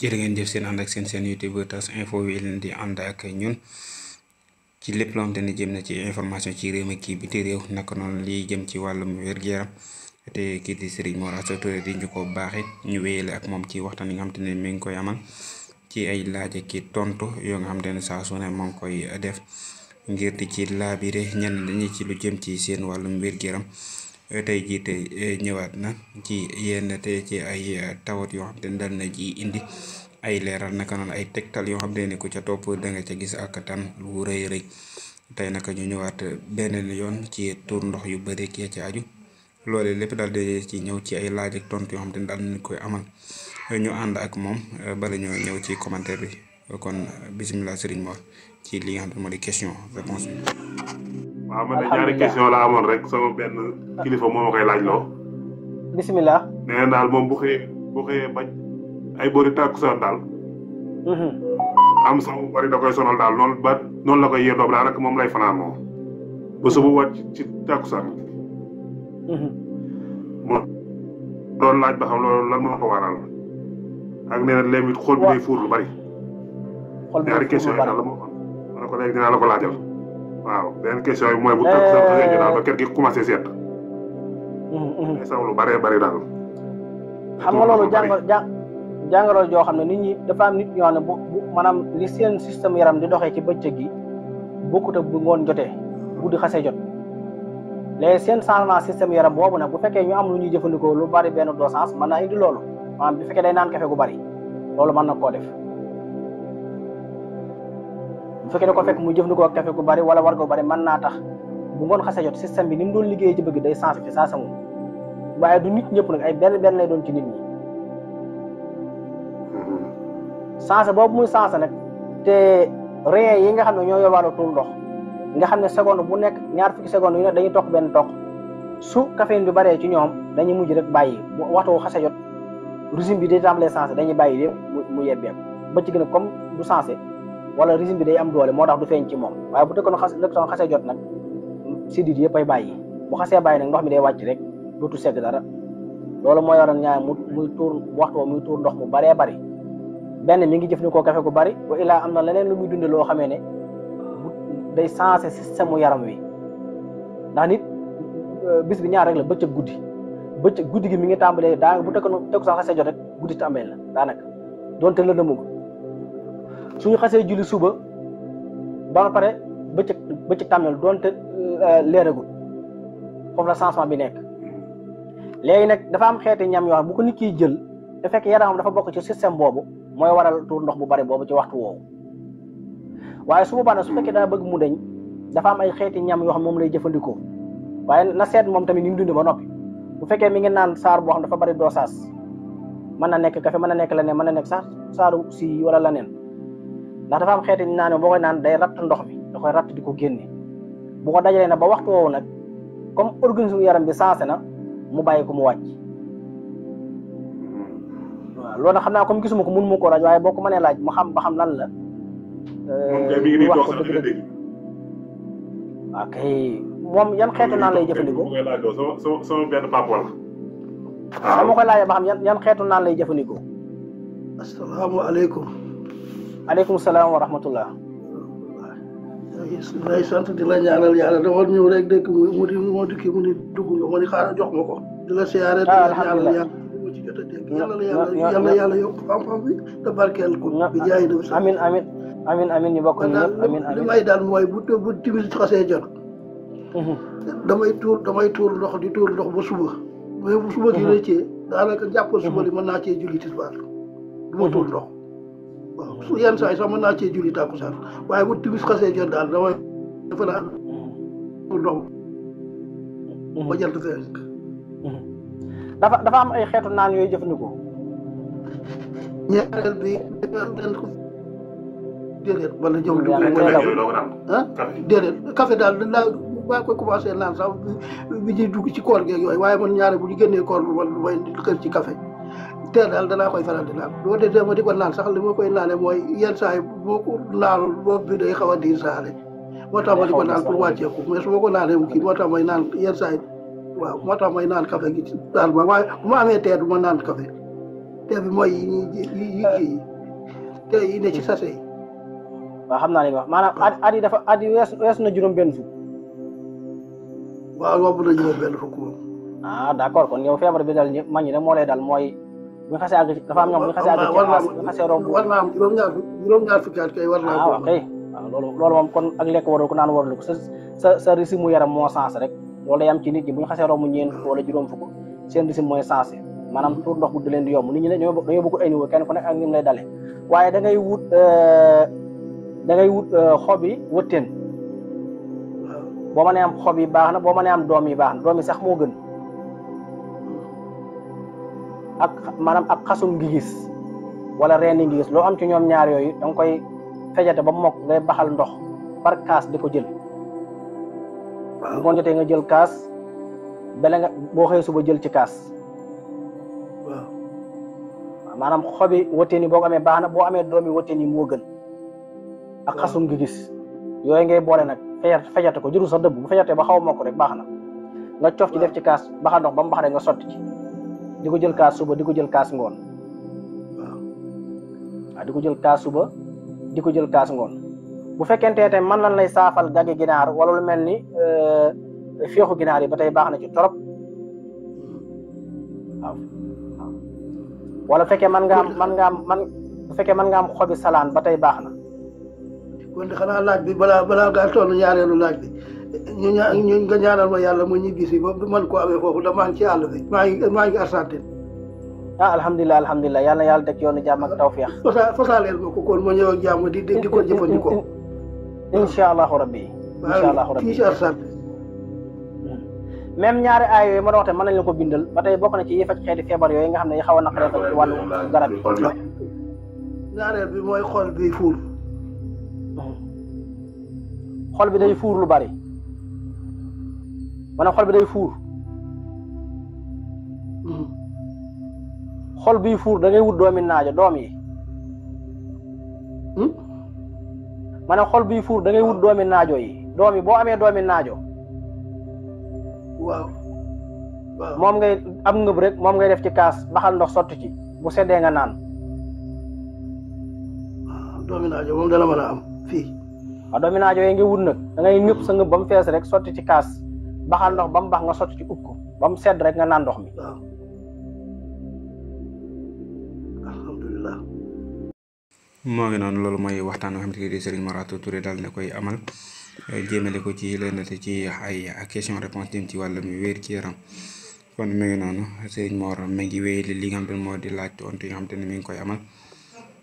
jërë ngeen jëf seen ànd ak seen seen youtube tas info wi leen di ànd ak ñun ci lépp loo xamante ne jëm na ci information ci réew mi kii bi te réew naka noonu lii jëm ci wàllum wér-gu-yaram te kii di Serigne Mor Asta Touré di ñu ko baaxit ñu wéyale ak moom ci waxtaan yi nga xamante ne mi ngi koy amal ci ay laaj ki tontu yoo nga xamante ne saa su ne moo ngi koy def ngir di ci laabire ñenn ñi ci lu jëm ci seen wàllum wér gu tey jii te eh, ñëwaat na ci yenn te ci ay eh, tawat yoo xam te ne dal na ji indi ay leeral naka noonu ay tegtal yoo xam te ne ku ca topp da nga ca gis ak tan lu rëy rëy tey naka ñu ñëwaat beneen yoon ci tuur ndox yu bëri kee ci aju loole lépp daal de ci ñëw ci ay laaj ak tontu yoo xam te ne daal nañ koy amal ñu ànd ak moom eh, bala ñoo ñëw ci commentaire bi kon bisimilah Serigne Mor ci li nga xam ne moo di question réponse bi waaw man de ñaari question la amoon rek sama benn kilifa moo ma koy laaj loo. bisimilah. daal moom bu xëyee bu xëyee bañ ay boori tàkkusaan daal. Mhm. am sax mu bari da koy sonal daal noonu ba noonu la koy yendoo daanaka moom lay fanaan moom ba suba mhm. wàcc ci tàkkusaan. Mhm. moo doon laaj ba xam loolu lan moo ko waral ak nee na xool bi day fuur lu bari. xool bari ñaari question yi daal la moo ko léegi dinaa la ko laajal. waaw beneen question bi mooy bu tànk ba gi commencé seet. mais mm, mm. saw lu bëree bëri xam nga loolu jàngoro jàngoro joo xam ne nit ñi dafa am nit ñoo bu maanaam li seen système yaram di doxee ci bëccëg gi bokkut ak bu ngoon jotee di xasee jot. léegi seen changement système yaram boobu nag bu fekkee ñu am lu ñuy jëfandikoo lu bari benn dosage mën naa indi loolu maanaam bu fekkee day naan kafe gu bari loolu mën na koo def. fekkee da ko fekk muy jëfandikoo ak kafe gu bari wala war gu bari man naa tax bu ngoon xasee jot système bi ni mu doon liggéeyee ci bëgg day sensé ci saa waaye du nit ñëpp nag ay benn benn lay doon ci nit ñi sensé mhm. boobu muy sensé nag te rein yi nga xam ne ñoo yóbbaale tuur ndox nga xam ne seconde bu nekk ñaar fukki seconde yu nekk dañuy toog benn toog su caféine bi baree ci ñoom dañuy mujj rek bàyyi bu waxtu xasee jot régime bi day tàmbalee sensé dañuy bàyyi lépp mu mu ba ci gën a comme du sensé. wala régime bi day am doole moo tax du feeñ ci moom waaye bu tëkkoon xas lëkkoon xasee jot nag sidit yëpp ay bàyyi bu xasee bàyyi nag ndox mi day wàcc rek dootu sedd dara loolu mooy waral ñaar mu muy tuur waxtu muy tuur ndox mu baree bari benn mi ngi jëfandikoo kafe gu bari wa am na leneen lu muy dunde loo xamee ne day sensé système yaram wi ndax nit bis bi ñaar rek la bëccëg guddi bëccëg guddi gi mi ngi tàmbalee daa bu tëkkoon tëkku jot rek guddi la daanaka donte la dëmagul suñu xasee julli suba ba pare bëccëg bëccëg tàmmeel doonte euh, leeragul foofu la changement bi nekk léegi nag dafa am xeeti ñam yoo xam bu ko nit kiy jël te fekk yaramam dafa bokk ci système boobu mooy waral tuur ndox bu bari boobu ci waxtu woowu waaye su boobaa nag su fekkee daa bëgg mu deñ dafa am ay xeeti ñam yoo xam moom lay jëfandikoo waaye na seet moom tamit ni mu dund ba noppi bu fekkee mi ngi naan saar boo xam dafa bari dosage mën na nekk café mën na nekk leneen mën na nekk sax saaru si wala leneen ndax dafa am xeeti naa ne boo koy naan day ratt ndox mi da koy ratt di ko génne bu ko dajalee na ba waxtu woowu nag comme organisme yaram bi sensé na mu bàyyi ko mu wàcc waaw loolu nag xam naa comme gisuma ko mënuma koo laaj waaye boo ko mënee laaj mu xam ba xam lan la. moom kay mi dëgg dëgg waaw kay moom yan xeetu naan lay jëfandikoo. sama sama benn papa la. Ah, koy laajee ba xam yan xeetu naan lay jëfandikoo. asalaamaaleykum. aleykum salaam wa rahmatullah lay sant di la ñaanal yàlla dafa ñëw rek dëkk mu di moo dikki mu ni dugg nga ma ni xaaral jox ma ko di la siyaare di la ah, ñaanal yàlla ci jot a dégg yàlla yàlla yàlla yàlla yokk xam-xam bi te barkeel ko bi jaay dem sa amin amin amin amin ñu bokk ñu ñëpp amin amin damay daal mooy bu bu timis xasee jot mhm. damay tuur damay tuur ndox di tuur ndox ba suba mais bu suba gi mhm. rëccee daanaka jàppal suba mhm. li mën naa cee julli tisbaar du ma tuur ndox waaw yenn saa yi sax mën naa cee julli tàkkusaan waaye bu timis xasee jot daal damay dafa naa mm-hmm. ndox mm-hmm. ba jant fenk mm-hmm. dafa am ay xeetu naan yooyu jëfandikoo ñaareel bi den ko déedéet wala jëw du déedéet café daal laa waa koy commencé naan sax bi ñuy dugg ci koor gee yooyu waaye man ñaare bu ñu génnee koor lu wala lu may kër ci kafe teel daal danaa koy faral di naan boo dee ma sax li ma a moo tax ma su ma ko naanee mu kii moo tax may naan yenn moo tax naan café gi daal ma waaye bu ma amee tee naa li nga na juróom benn fukk waaw romb na juróom benn fukk ah, moo lay dal mooy bu ñu xasee àgg dafa am ñoom bu ñu xasee àgg ci classe bu ñu xasee romb war naa am war naa ah, ah, waaw sa sa sa mu yaram moo sens rek loolu day am ci nit ñi bu ñu xasee romb ñeent fukk wala juróom fukk seen risi mooy sensé maanaam tuur ndox bu di leen di yomb nit ñi dañoo dañoo bëgg ay niveau kenn ku nekk ak ñim lay dale waaye da ngay wut euh, da ngay wut euh, xob yi wëtteen boo mënee am xob yi baax na boo mënee am doom yi baax na doom yi sax moo gën ak manam ak xasum gi gis wala reni gi gis lo am ci ñom ñaar yoy dang koy fejate ba mok ngay baxal ndox par kaas diko jël bu ngon jotee nga jël kaas bele nga bo xey suba jël ci kaas manam xobi wëttéen yi boo ko amee baax na boo amee doomi wëttéen gën ak xasum gi gis yoy ngay bolé nak fejat fejate ko jëru sa debbu bu ba xaw mok rek baxna nga ciof ci def ci kaas baxal ndox ba mu bax rek nga sotti ci di ko jël kaas suba di ko jël kaas ngoon waaw ah, di ko jël kaas suba di ko jël kaas ngoon bu fekkente te man lan lay saafal gage ginaar wala lu mel ni euh, féexu ginaar yi ba tey baax na ci torop waaw wala fekkee man nga man nga am man bu fekkee man nga am xobi salaan ba tey baax na kon xanaa laaj bi balaa balaa ngaa toll ñaareelu laaj bi ñu ñaa ñu nga ñaanal ma yàlla ma ñibbi si ba man koo amee foofu da maa ngi ci àll maa ngi maa ngi Argentine ah alhamdulilah alhamdulilah yàlla yàlla teg yoonu jàmm ak tawféex. fasa fasaleel ma ko kon ma ñëw ak jàmm di di ko jëfandikoo. incha allahu rabbi. incha allahu rabbi waaw fii hmm. ñaari aay yooyu ma doon wax te mën nañu la ko bindal ba tey bokk na ci yi faj xeeti feebar yooyu nga xam ne yi xaw a naqaree ci wàllu garab yi. ñaareel mooy xol bi fuur. Hmm. xol bi day fuur lu bari. maanaam xol bi day fuur hmm. xol biy fuur dangay ngay wut doomi naajo doom yi hmm? maanaam xol biy fuur da ngay wut doomi naajo yi doom yi boo amee doomi naajo moom ngay am ngëb rek moom ngay def ci kaas baxal ndox sotti ci bu seddee nga naan ah, doomi naajo moom dana mën a am fii a doomi naajo yi nga wut nag da ngay ngëb sa ngëb ba fees rek sotti ci kaas baxal ndox bam bax nga sotti ci upp bam sedd rek nga nan ndox mi alhamdulillah ngi noonu loolu mooy waxtaan waxam xamante ni Serigne Maratou Touré dal ne koy amal jéemale ko ci lenn ci ay question réponse dim ci wàllum wér ci yaram kon mi ngi noonu Serigne Mor mi ngi wéy li nga xam ne moo di laaj tontu yi nga xam ne mi ngi koy amal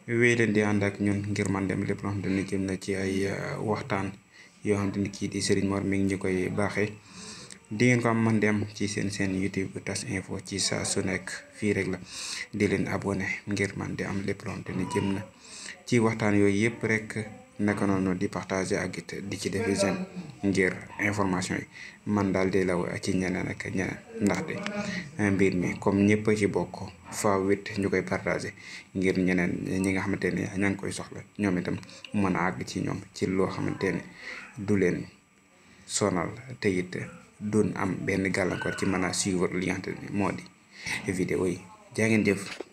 wéy leen di ànd ak ñun ngir man dem lépp loo xam ne jëm na ci ay waxtaan yoo xam ne kii di Serigne Mor mi ngi ñu koy baaxee di ngeen ko am man dem ci seen seen YouTube tas info ci saa su nekk fii rek la di leen abonné ngir man de am lépp loom te ne jëm na ci waxtaan yooyu yëpp rek naka noonu di partager ak it di ci defi seen ngir information yi man daal de law ci ñeneen ak ñeneen ndaxte mbir mi comme ñëpp ci bokk fa it ñu koy partager ngir ñeneen ñi nga xamante ne ña ngi koy soxla ñoom itam mën a àgg ci ñoom ci loo xamante ne du leen sonal te it doon am benn gàllankoor ci mën a suivre li nga xamante ne moo di vidéo